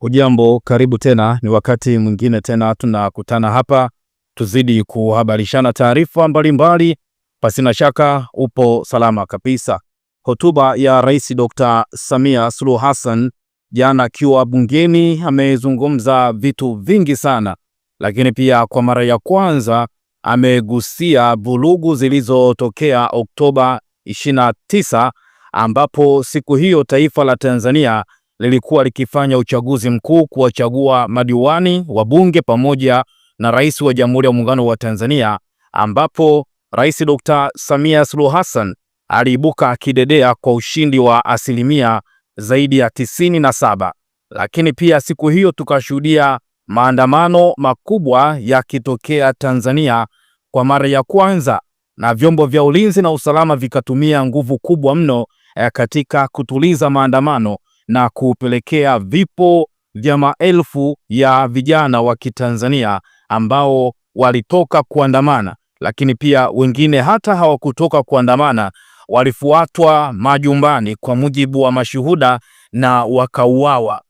ujambo karibu tena, ni wakati mwingine tena tunakutana hapa tuzidi kuhabarishana taarifa mbalimbali. Pasina shaka upo salama kabisa. Hotuba ya Rais Dr. Samia Suluhu Hassan jana akiwa bungeni amezungumza vitu vingi sana, lakini pia kwa mara ya kwanza amegusia vurugu zilizotokea Oktoba 29 ambapo siku hiyo taifa la Tanzania lilikuwa likifanya uchaguzi mkuu kuwachagua madiwani wa bunge pamoja na rais wa Jamhuri ya Muungano wa Tanzania, ambapo Rais Dr. Samia Suluhu Hassan aliibuka akidedea kwa ushindi wa asilimia zaidi ya tisini na saba. Lakini pia siku hiyo tukashuhudia maandamano makubwa yakitokea Tanzania kwa mara ya kwanza, na vyombo vya ulinzi na usalama vikatumia nguvu kubwa mno eh, katika kutuliza maandamano na kupelekea vipo vya maelfu ya vijana wa Kitanzania ambao walitoka kuandamana, lakini pia wengine hata hawakutoka kuandamana, walifuatwa majumbani kwa mujibu wa mashuhuda na wakauawa.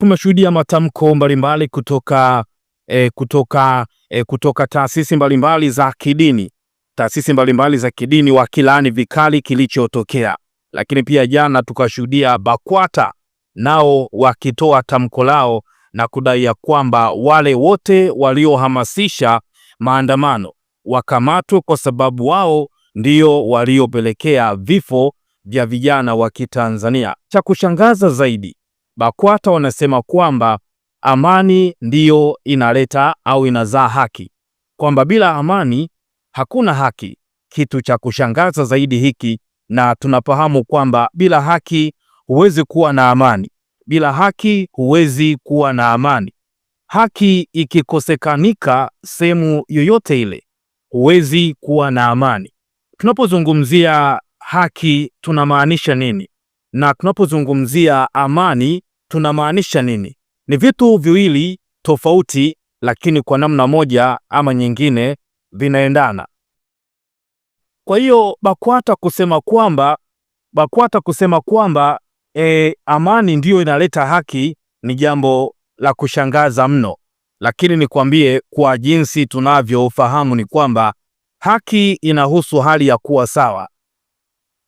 Tumeshuhudia matamko mbalimbali kutoka e, kutoka e, kutoka taasisi mbalimbali za kidini taasisi mbalimbali za kidini wakilaani vikali kilichotokea. Lakini pia jana tukashuhudia BAKWATA nao wakitoa tamko lao na kudai ya kwamba wale wote waliohamasisha maandamano wakamatwe kwa sababu wao ndio waliopelekea vifo vya vijana wa Kitanzania. Cha kushangaza zaidi, BAKWATA wanasema kwamba amani ndiyo inaleta au inazaa haki, kwamba bila amani hakuna haki. Kitu cha kushangaza zaidi hiki na tunafahamu kwamba bila haki huwezi kuwa na amani, bila haki huwezi kuwa na amani. Haki ikikosekanika sehemu yoyote ile, huwezi kuwa na amani. Tunapozungumzia haki tunamaanisha nini? Na tunapozungumzia amani tunamaanisha nini? Ni vitu viwili tofauti, lakini kwa namna moja ama nyingine vinaendana. Kwa hiyo BAKWATA kusema kwamba BAKWATA kusema kwamba e, amani ndiyo inaleta haki ni jambo la kushangaza mno, lakini nikwambie kwa jinsi tunavyofahamu ni kwamba haki inahusu hali ya kuwa sawa.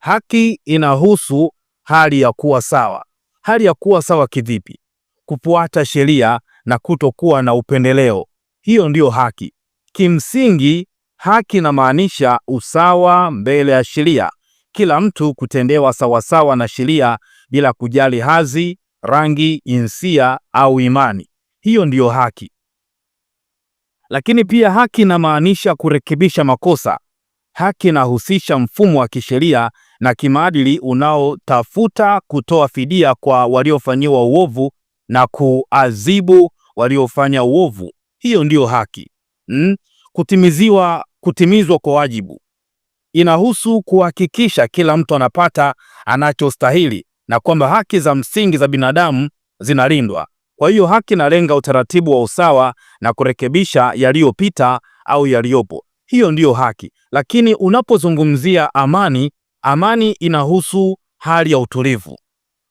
Haki inahusu hali ya kuwa sawa. Hali ya kuwa sawa kivipi? Kufuata sheria na kutokuwa na upendeleo, hiyo ndiyo haki kimsingi. Haki inamaanisha usawa mbele ya sheria, kila mtu kutendewa sawasawa na sheria bila kujali hadhi, rangi, jinsia au imani. Hiyo ndiyo haki. Lakini pia haki inamaanisha kurekebisha makosa. Haki inahusisha mfumo wa kisheria na kimaadili unaotafuta kutoa fidia kwa waliofanyiwa uovu na kuadhibu waliofanya uovu. Hiyo ndiyo haki mm kutimiziwa kutimizwa kwa wajibu. Inahusu kuhakikisha kila mtu anapata anachostahili na kwamba haki za msingi za binadamu zinalindwa. Kwa hiyo haki inalenga utaratibu wa usawa na kurekebisha yaliyopita au yaliyopo. Hiyo ndiyo haki. Lakini unapozungumzia amani, amani inahusu hali ya utulivu,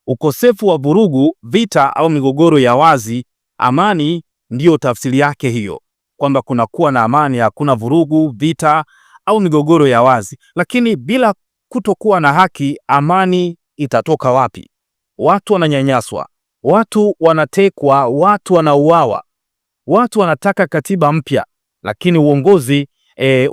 ukosefu wa vurugu, vita au migogoro ya wazi. Amani ndiyo tafsiri yake hiyo kwamba kunakuwa na amani, hakuna vurugu, vita au migogoro ya wazi. Lakini bila kutokuwa na haki, amani itatoka wapi? Watu wananyanyaswa, watu wanatekwa, watu wanauawa, watu wanataka katiba mpya, lakini uongozi e,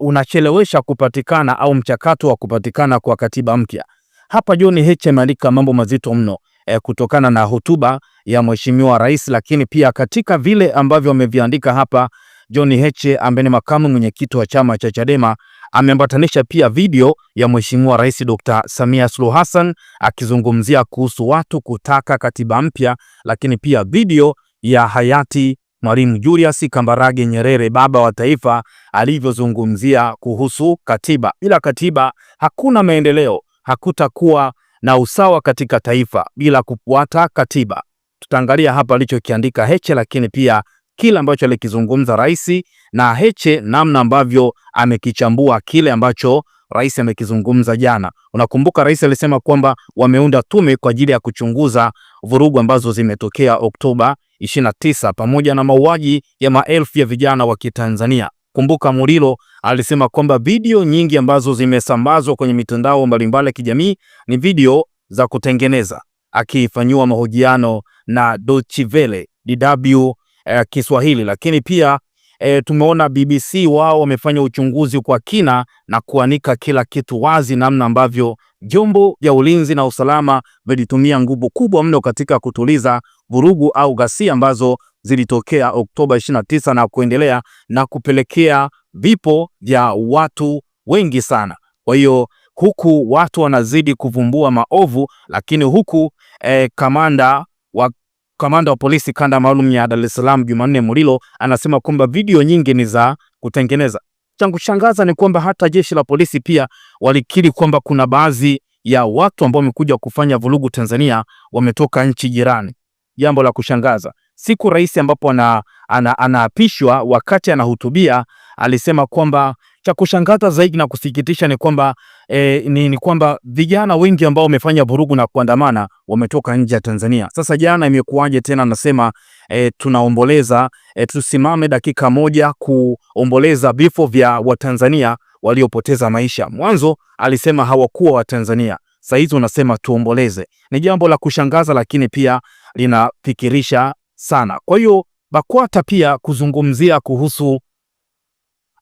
unachelewesha una, una kupatikana au mchakato wa kupatikana kwa katiba mpya. Hapa John Heche ameandika mambo mazito mno e, kutokana na hotuba ya mheshimiwa rais, lakini pia katika vile ambavyo ameviandika hapa, John Heche ambaye ni makamu mwenyekiti wa chama cha Chadema ameambatanisha pia video ya mheshimiwa rais Dr. Samia Suluhu Hassan akizungumzia kuhusu watu kutaka katiba mpya, lakini pia video ya hayati Mwalimu Julius Kambarage Nyerere, baba wa taifa, alivyozungumzia kuhusu katiba. Bila katiba hakuna maendeleo, hakutakuwa na usawa katika taifa bila kufuata katiba tutaangalia hapa alichokiandika Heche, lakini pia kile ambacho alikizungumza rais na Heche, namna ambavyo amekichambua kile ambacho rais amekizungumza jana. Unakumbuka rais alisema kwamba wameunda tume kwa ajili ya kuchunguza vurugu ambazo zimetokea Oktoba 29 pamoja na mauaji ya maelfu ya vijana wa Kitanzania. Kumbuka Murilo alisema kwamba video nyingi ambazo zimesambazwa kwenye mitandao mbalimbali ya kijamii ni video za kutengeneza akifanyiwa mahojiano na Deutsche Welle DW eh, Kiswahili. Lakini pia eh, tumeona BBC wao wamefanya uchunguzi kwa kina na kuanika kila kitu wazi, namna ambavyo vyombo vya ulinzi na usalama vilitumia nguvu kubwa mno katika kutuliza vurugu au ghasia ambazo zilitokea Oktoba 29 na kuendelea na kupelekea vipo vya watu wengi sana. Kwa hiyo huku watu wanazidi kuvumbua maovu, lakini huku eh, kamanda wa kamanda wa polisi kanda maalum ya Dar es Salaam Jumanne Mulilo anasema kwamba video nyingi ni za kutengeneza. Cha kushangaza ni kwamba hata jeshi la polisi pia walikiri kwamba kuna baadhi ya watu ambao wamekuja kufanya vurugu Tanzania wametoka nchi jirani. Jambo la kushangaza, siku rais ambapo anaapishwa ana, anaapishwa wakati anahutubia alisema kwamba cha kushangaza zaidi na kusikitisha ni kwamba e, ni, ni kwamba vijana wengi ambao wamefanya vurugu na kuandamana wametoka nje ya Tanzania. Sasa jana imekuwaje tena? Nasema e, tunaomboleza e, tusimame dakika moja kuomboleza vifo vya Watanzania waliopoteza maisha. Mwanzo alisema hawakuwa Watanzania, sasa hizi unasema tuomboleze. Ni jambo la kushangaza, lakini pia linafikirisha sana. Kwa hiyo BAKWATA pia kuzungumzia kuhusu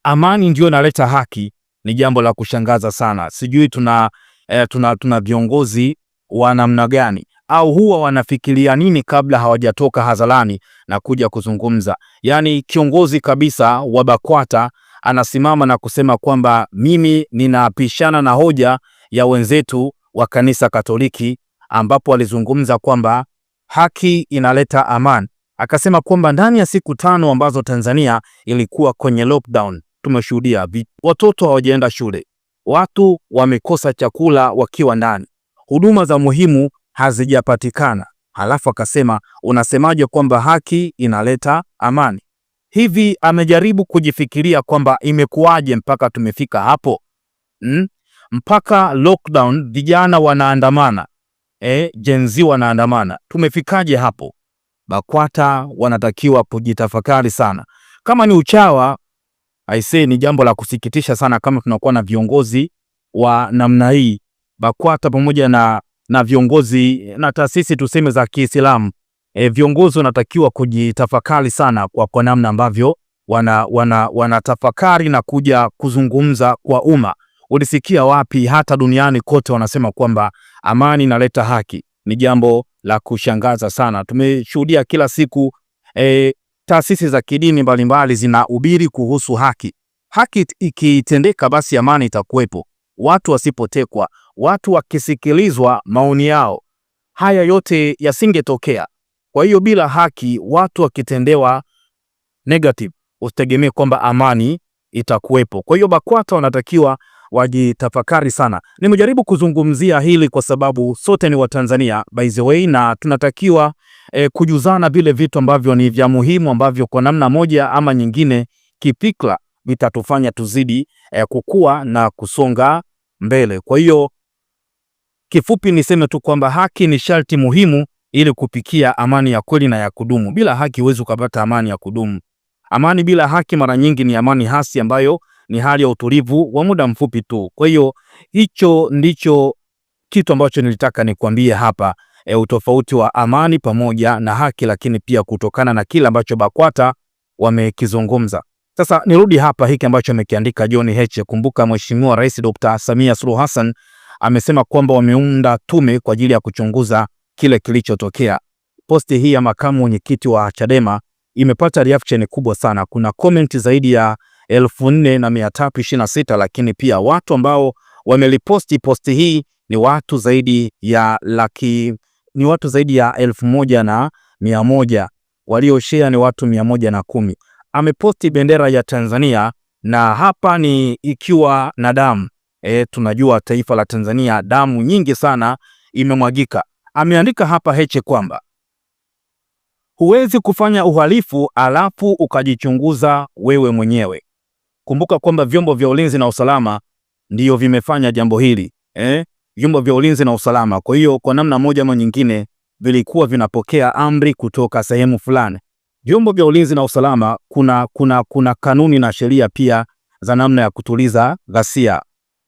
amani ndio inaleta haki ni jambo la kushangaza sana. Sijui tuna eh, tuna tuna viongozi wa namna gani au huwa wanafikiria nini kabla hawajatoka hadharani na kuja kuzungumza. Yaani kiongozi kabisa wa BAKWATA anasimama na kusema kwamba mimi ninapishana na hoja ya wenzetu wa kanisa Katoliki ambapo walizungumza kwamba haki inaleta amani. Akasema kwamba ndani ya siku tano ambazo Tanzania ilikuwa kwenye lockdown tumeshuhudia watoto hawajaenda shule, watu wamekosa chakula wakiwa ndani, huduma za muhimu hazijapatikana. Halafu akasema unasemaje kwamba haki inaleta amani? Hivi amejaribu kujifikiria kwamba imekuwaje mpaka tumefika hapo hmm? Mpaka lockdown vijana wanaandamana eh, jenzi wanaandamana, tumefikaje hapo? BAKWATA wanatakiwa kujitafakari sana. Kama ni uchawa say ni jambo la kusikitisha sana kama tunakuwa na viongozi wa namna hii. BAKWATA pamoja na, na viongozi na taasisi tuseme za Kiislamu e, viongozi wanatakiwa kujitafakari sana kwa, kwa namna ambavyo wana, wana, wana na kuja kuzungumza kwa umma. Ulisikia wapi? Hata duniani kote wanasema kwamba amani inaleta haki. Ni jambo la kushangaza sana, tumeshuhudia kila siku e, taasisi za kidini mbalimbali zinahubiri kuhusu haki. Haki ikitendeka, basi amani itakuwepo, watu wasipotekwa, watu wakisikilizwa maoni yao, haya yote yasingetokea. Kwa hiyo bila haki, watu wakitendewa negative, usitegemee kwamba amani itakuwepo. Kwa hiyo BAKWATA wanatakiwa wajitafakari sana. Nimejaribu kuzungumzia hili kwa sababu sote ni Watanzania by the way, na tunatakiwa e, kujuzana vile vitu ambavyo ni vya muhimu ambavyo kwa namna moja ama nyingine kifikra vitatufanya tuzidi e, kukua na kusonga mbele. Kwa hiyo kifupi niseme tu kwamba haki ni sharti muhimu ili kupikia amani ya kweli na ya kudumu. Bila haki huwezi ukapata amani ya kudumu. Amani bila haki mara nyingi ni amani hasi ambayo ni hali ya utulivu wa muda mfupi tu. Kwa hiyo hicho ndicho kitu ambacho nilitaka nikwambie hapa e, utofauti wa amani pamoja na haki, lakini pia kutokana na kile ambacho BAKWATA wamekizungumza. Sasa nirudi hapa hiki ambacho amekiandika John Heche. Kumbuka Mheshimiwa Rais Dr. Samia Suluhu Hassan amesema kwamba wameunda tume kwa ajili ya kuchunguza kile kilichotokea. Posti hii ya makamu mwenyekiti wa Chadema imepata reaction kubwa sana. Kuna comment zaidi ya elfu na mia tatu lakini pia watu ambao wameliposti posti hii ni watu zaidi ya laki ni watu zaidi ya elfu moja na mia moja walioshea ni watu mia moja na kumi ameposti bendera ya Tanzania na hapa ni ikiwa na damu e, tunajua taifa la Tanzania damu nyingi sana imemwagika. Ameandika hapa Heche kwamba huwezi kufanya uhalifu alafu ukajichunguza wewe mwenyewe kumbuka kwamba vyombo vya ulinzi na usalama ndiyo vimefanya jambo hili eh? Vyombo vya ulinzi na usalama, kwa hiyo kwa namna moja ama nyingine vilikuwa vinapokea amri kutoka sehemu fulani. Vyombo vya ulinzi na usalama, kuna, kuna, kuna kanuni na sheria pia za namna ya kutuliza ghasia.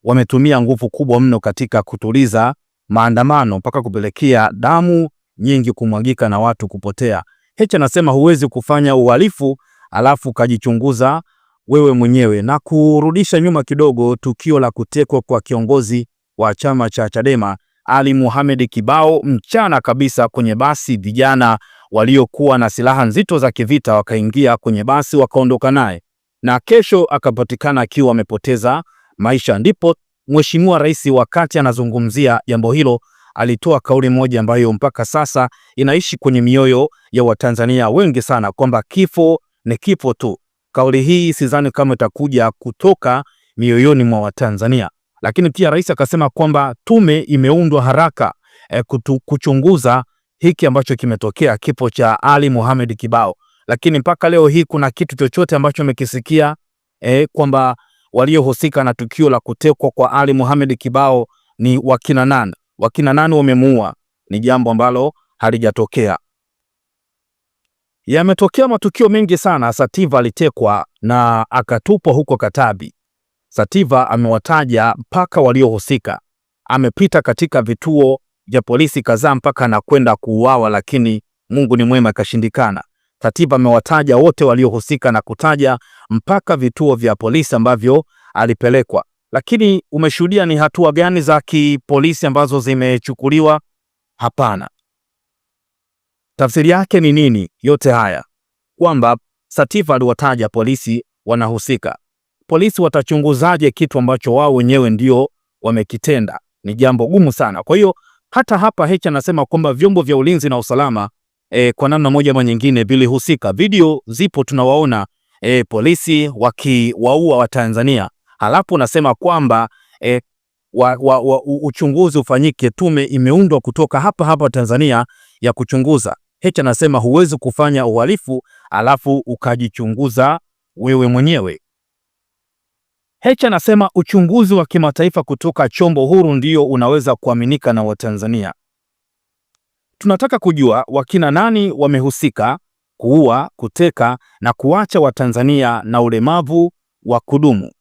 Wametumia nguvu kubwa mno katika kutuliza maandamano mpaka kupelekea damu nyingi kumwagika na watu kupotea. Hecha anasema huwezi kufanya uhalifu alafu ukajichunguza wewe mwenyewe na kurudisha nyuma kidogo tukio la kutekwa kwa kiongozi wa chama cha Chadema Ali Mohamed Kibao mchana kabisa kwenye basi. Vijana waliokuwa na silaha nzito za kivita wakaingia kwenye basi wakaondoka naye, na kesho akapatikana akiwa amepoteza maisha. Ndipo Mheshimiwa Rais wakati anazungumzia jambo hilo alitoa kauli moja ambayo mpaka sasa inaishi kwenye mioyo ya Watanzania wengi sana kwamba kifo ni kifo tu. Kauli hii sidhani kama itakuja kutoka mioyoni mwa Watanzania, lakini pia rais akasema kwamba tume imeundwa haraka e, kutu, kuchunguza hiki ambacho kimetokea, kifo cha Ali Mohamed Kibao. Lakini mpaka leo hii kuna kitu chochote ambacho umekisikia e, eh, kwamba waliohusika na tukio la kutekwa kwa Ali Mohamed Kibao ni wakina nani? Wakina nani wamemuua? Ni jambo ambalo halijatokea. Yametokea matukio mengi sana. Sativa alitekwa na akatupwa huko katabi Sativa amewataja mpaka waliohusika, amepita katika vituo vya polisi kadhaa mpaka anakwenda kuuawa, lakini Mungu ni mwema, akashindikana Sativa amewataja wote waliohusika na kutaja mpaka vituo vya polisi ambavyo alipelekwa. Lakini umeshuhudia ni hatua gani za kipolisi ambazo zimechukuliwa? Hapana. Tafsiri yake ni nini yote haya? Kwamba satifa aliwataja polisi wanahusika. Polisi watachunguzaje kitu ambacho wao wenyewe ndio wamekitenda? Ni jambo gumu sana. Kwa hiyo hata hapa Heche anasema kwamba vyombo vya ulinzi na usalama e, kwa namna moja ama nyingine vilihusika. Video zipo tunawaona e, polisi wakiwaua Watanzania, halafu unasema kwamba e, wa, wa, wa, uchunguzi ufanyike. Tume imeundwa kutoka hapa hapa Tanzania ya kuchunguza. Hecha anasema huwezi kufanya uhalifu alafu ukajichunguza wewe mwenyewe. hecha anasema uchunguzi wa kimataifa kutoka chombo huru ndio unaweza kuaminika na Watanzania. Tunataka kujua wakina nani wamehusika kuua, kuteka na kuacha Watanzania na ulemavu wa kudumu.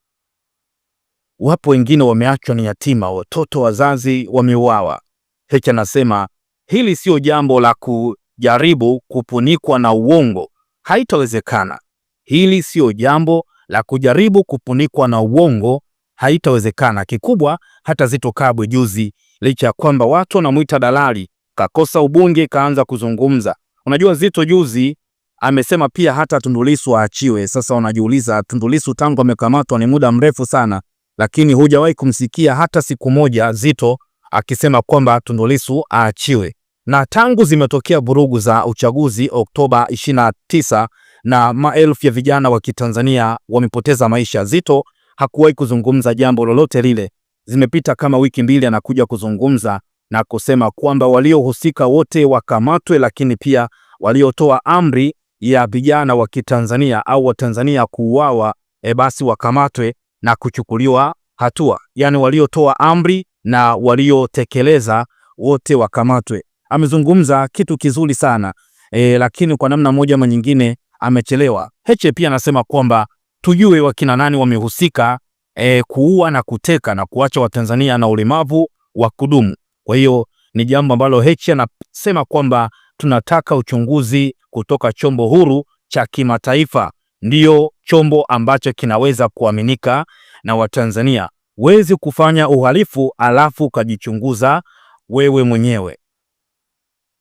Wapo wengine wameachwa ni yatima, watoto, wazazi wameuawa. hecha anasema hili sio jambo la ku jaribu kufunikwa na uongo, haitawezekana. Hili siyo jambo la kujaribu kufunikwa na uongo, haitawezekana. Kikubwa hata Zitto Kabwe juzi, licha ya kwamba watu wanamwita dalali, kakosa ubunge, kaanza kuzungumza. Unajua Zitto juzi amesema pia hata Tundu Lissu aachiwe. Sasa unajiuliza, Tundu Lissu tangu amekamatwa ni muda mrefu sana, lakini hujawahi kumsikia hata siku moja Zitto akisema kwamba Tundu Lissu aachiwe. Na tangu zimetokea vurugu za uchaguzi Oktoba 29 na maelfu ya vijana wa Kitanzania wamepoteza maisha, Zito hakuwahi kuzungumza jambo lolote lile. Zimepita kama wiki mbili, anakuja kuzungumza na kusema kwamba waliohusika wote wakamatwe, lakini pia waliotoa amri ya vijana wa Kitanzania au Watanzania kuuawa e, basi wakamatwe na kuchukuliwa hatua, yaani waliotoa amri na waliotekeleza wote wakamatwe amezungumza kitu kizuri sana e, lakini kwa namna moja ama nyingine amechelewa. Heche pia anasema kwamba tujue wakina nani wamehusika e, kuua na kuteka na kuacha Watanzania na ulemavu wa kudumu. Kwa hiyo ni jambo ambalo Heche anasema kwamba tunataka uchunguzi kutoka chombo huru cha kimataifa, ndiyo chombo ambacho kinaweza kuaminika na Watanzania. Wezi kufanya uhalifu alafu ukajichunguza wewe mwenyewe.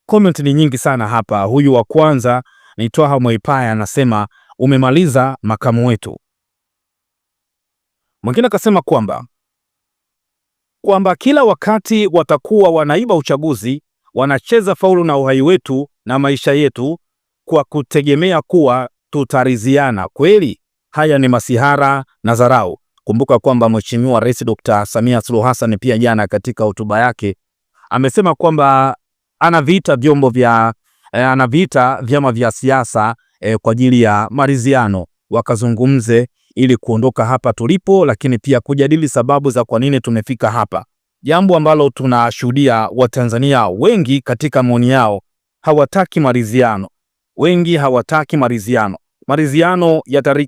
Comment ni nyingi sana hapa. Huyu wa kwanza ni Twaha Mwaipaya anasema umemaliza makamu wetu. Mwingine akasema kwamba kwamba kila wakati watakuwa wanaiba uchaguzi, wanacheza faulu na uhai wetu na maisha yetu kwa kutegemea kuwa tutariziana. Kweli haya ni masihara na dharau. Kumbuka kwamba Mheshimiwa Rais Dr. Samia Suluhu Hassan pia jana katika hotuba yake amesema kwamba anavita vyombo vya e, anavita vyama vya siasa e, kwa ajili ya maridhiano wakazungumze ili kuondoka hapa tulipo, lakini pia kujadili sababu za kwa nini tumefika hapa, jambo ambalo tunashuhudia Watanzania wengi katika maoni yao hawataki maridhiano, wengi hawataki maridhiano. Maridhiano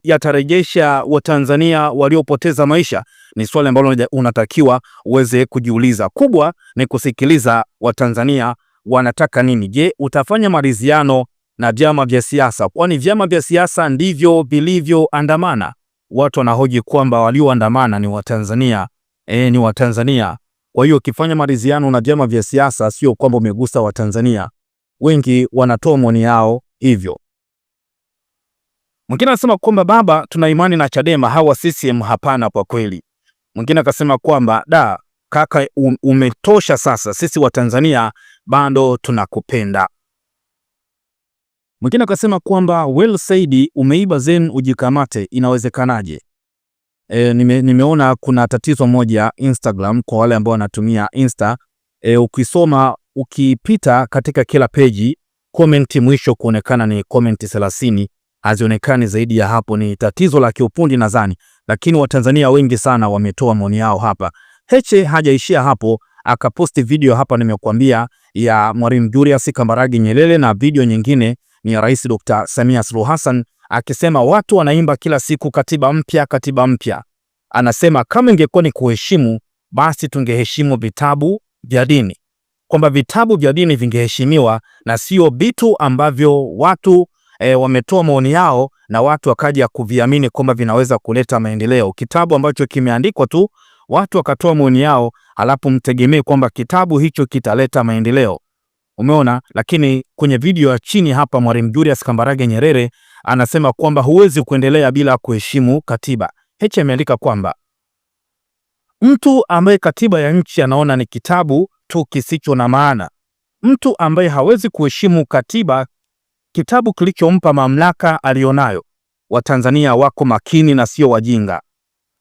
yatarejesha Watanzania waliopoteza maisha, ni swali ambalo unatakiwa uweze kujiuliza. Kubwa ni kusikiliza Watanzania wanataka nini? Je, utafanya maridhiano na vyama vya siasa? Kwani vyama vya siasa ndivyo vilivyoandamana. Watu wanahoji kwamba walioandamana ni Watanzania e, ni Watanzania. Kwa hiyo ukifanya maridhiano na vyama vya siasa, sio kwamba umegusa Watanzania. Wengi wanatoa maoni yao hivyo. Mwingine anasema kwamba baba, tuna imani na Chadema, hawa CCM hapana, kwa kweli. Mwingine akasema kwamba da kaka, um, umetosha sasa, sisi Watanzania bado tunakupenda. Mwingine akasema kwamba well said, umeiba zen ujikamate, inawezekanaje? E, nime, nimeona kuna tatizo moja Instagram kwa wale ambao wanatumia Insta. E, ukisoma ukipita katika kila peji comment mwisho kuonekana ni comment 30 hazionekani zaidi ya hapo. Ni tatizo la kiufundi nadhani, lakini Watanzania wengi sana wametoa maoni yao hapa. Heche hajaishia hapo, akaposti video hapa, nimekuambia ya Mwalimu Julius Kambarage Nyerere na video nyingine ni ya Rais Dr. Samia Suluhu Hassan akisema watu wanaimba kila siku katiba mpya, katiba mpya. Anasema kama ingekuwa ni kuheshimu, basi tungeheshimu vitabu vya dini, kwamba vitabu vya dini vingeheshimiwa na sio vitu ambavyo watu e, wametoa maoni yao na watu wakaja kuviamini kwamba vinaweza kuleta maendeleo. Kitabu ambacho kimeandikwa tu watu wakatoa maoni yao, halafu mtegemee kwamba kitabu hicho kitaleta maendeleo. Umeona, lakini kwenye video ya chini hapa Mwalimu Julius Kambarage Nyerere anasema kwamba huwezi kuendelea bila kuheshimu katiba. Heche ameandika kwamba mtu ambaye katiba ya nchi anaona ni kitabu tu kisicho na maana, mtu ambaye hawezi kuheshimu katiba, kitabu kilichompa mamlaka aliyonayo. Watanzania wako makini na sio wajinga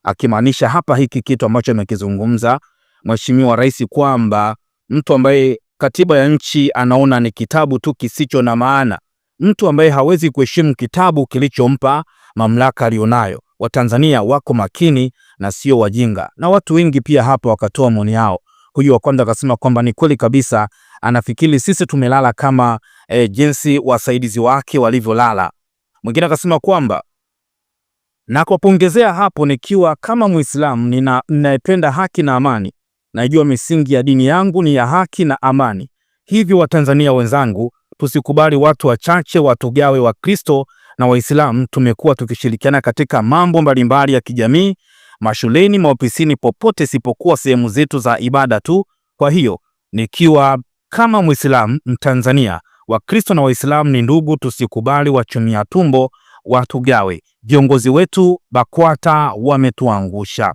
akimaanisha hapa hiki kitu ambacho amekizungumza mheshimiwa rais kwamba mtu ambaye katiba ya nchi anaona ni kitabu tu kisicho na maana, mtu ambaye hawezi kuheshimu kitabu kilichompa mamlaka aliyonayo. Watanzania wako makini na sio wajinga, na watu wengi pia hapa wakatoa maoni yao. Huyu wa kwanza akasema kwamba ni kweli kabisa, anafikiri sisi tumelala kama e, jinsi wasaidizi wake walivyolala. Mwingine akasema kwamba na kwa kuongezea hapo, nikiwa kama Muislamu ninayependa haki na amani, najua misingi ya dini yangu ni ya haki na amani. Hivyo Watanzania wenzangu, tusikubali watu wachache watugawe Wakristo na Waislamu. Tumekuwa tukishirikiana katika mambo mbalimbali ya kijamii, mashuleni, maofisini, popote isipokuwa sehemu zetu za ibada tu. Kwa hiyo nikiwa kama Muislamu Mtanzania, Wakristo na Waislamu ni ndugu, tusikubali wachumia tumbo watugawe, viongozi wetu BAKWATA wametuangusha.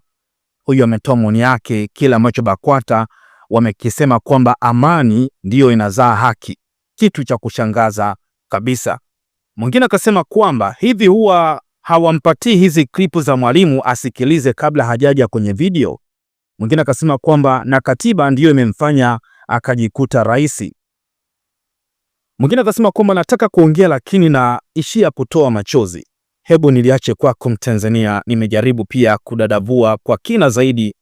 Huyu ametoa maoni yake kile ambacho BAKWATA wamekisema kwamba amani ndiyo inazaa haki, kitu cha kushangaza kabisa. Mwingine akasema kwamba hivi huwa hawampatii hizi klipu za mwalimu asikilize kabla hajaja kwenye video. Mwingine akasema kwamba na katiba ndiyo imemfanya akajikuta raisi. Mwingine atasema kwamba nataka kuongea lakini naishia kutoa machozi. Hebu niliache kwako Mtanzania, nimejaribu pia kudadavua kwa kina zaidi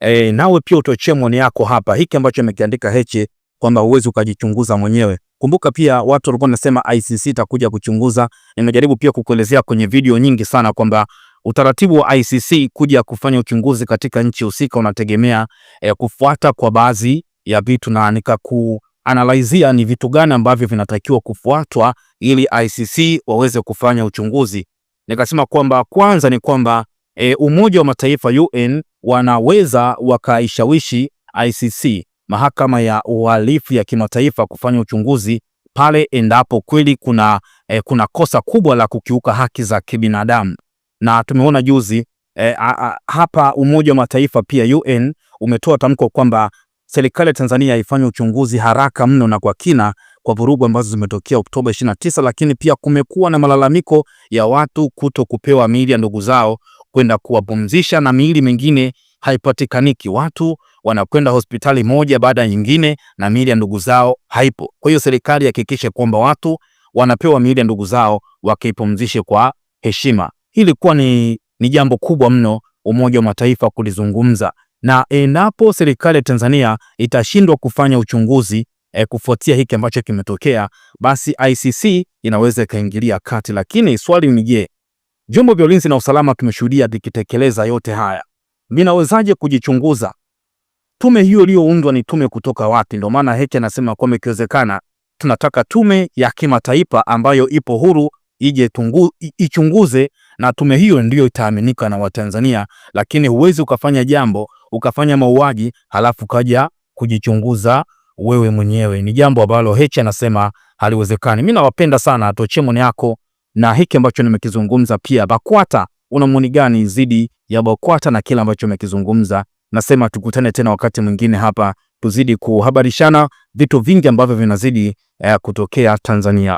e, nawe pia utochee maoni yako hapa, hiki ambacho amekiandika Heche kwamba huwezi ukajichunguza mwenyewe. Kumbuka pia watu walikuwa nasema ICC itakuja kuchunguza. Nimejaribu pia kukuelezea kwenye video nyingi sana kwamba utaratibu wa ICC kuja kufanya uchunguzi katika nchi husika unategemea e, kufuata kwa baadhi ya vitu na nikaku analaizia ni vitu gani ambavyo vinatakiwa kufuatwa ili ICC waweze kufanya uchunguzi. Nikasema kwamba kwanza ni kwamba e, Umoja wa Mataifa UN wanaweza wakaishawishi ICC, mahakama ya uhalifu ya kimataifa, kufanya uchunguzi pale endapo kweli kuna, e, kuna kosa kubwa la kukiuka haki za kibinadamu na tumeona juzi e, a, a, hapa Umoja wa Mataifa pia UN umetoa tamko kwamba serikali ya Tanzania ifanye uchunguzi haraka mno na kwa kina kwa vurugu ambazo zimetokea Oktoba 29, lakini pia kumekuwa na malalamiko ya watu kuto kupewa miili ya ndugu zao kwenda kuwapumzisha na miili mingine haipatikaniki. Watu wanakwenda hospitali moja baada ya nyingine na miili ya ndugu zao haipo. Kwa hiyo serikali ihakikishe kwamba watu wanapewa miili ya ndugu zao wakaipumzishe kwa heshima. Hili kuwa ni, ni jambo kubwa mno Umoja wa Mataifa kulizungumza na endapo serikali ya Tanzania itashindwa kufanya uchunguzi e, kufuatia hiki ambacho kimetokea, basi ICC inaweza ikaingilia kati. Lakini swali ni je, vyombo vya ulinzi na usalama tumeshuhudia vikitekeleza yote haya, vinawezaje kujichunguza? Tume hiyo iliyoundwa ni tume kutoka wapi? Ndio maana Heche anasema kwamba ikiwezekana tunataka tume ya kimataifa ambayo ipo huru ije tungu, ichunguze, na tume hiyo ndiyo itaaminika na Watanzania, lakini huwezi ukafanya jambo ukafanya mauaji halafu kaja kujichunguza wewe mwenyewe, ni jambo ambalo Heche anasema haliwezekani. Mimi nawapenda sana, toche maoni yako na hiki ambacho nimekizungumza. Pia BAKWATA, una maoni gani zidi ya BAKWATA na kila ambacho nimekizungumza? Nasema tukutane tena wakati mwingine hapa tuzidi kuhabarishana vitu vingi ambavyo vinazidi eh, kutokea Tanzania.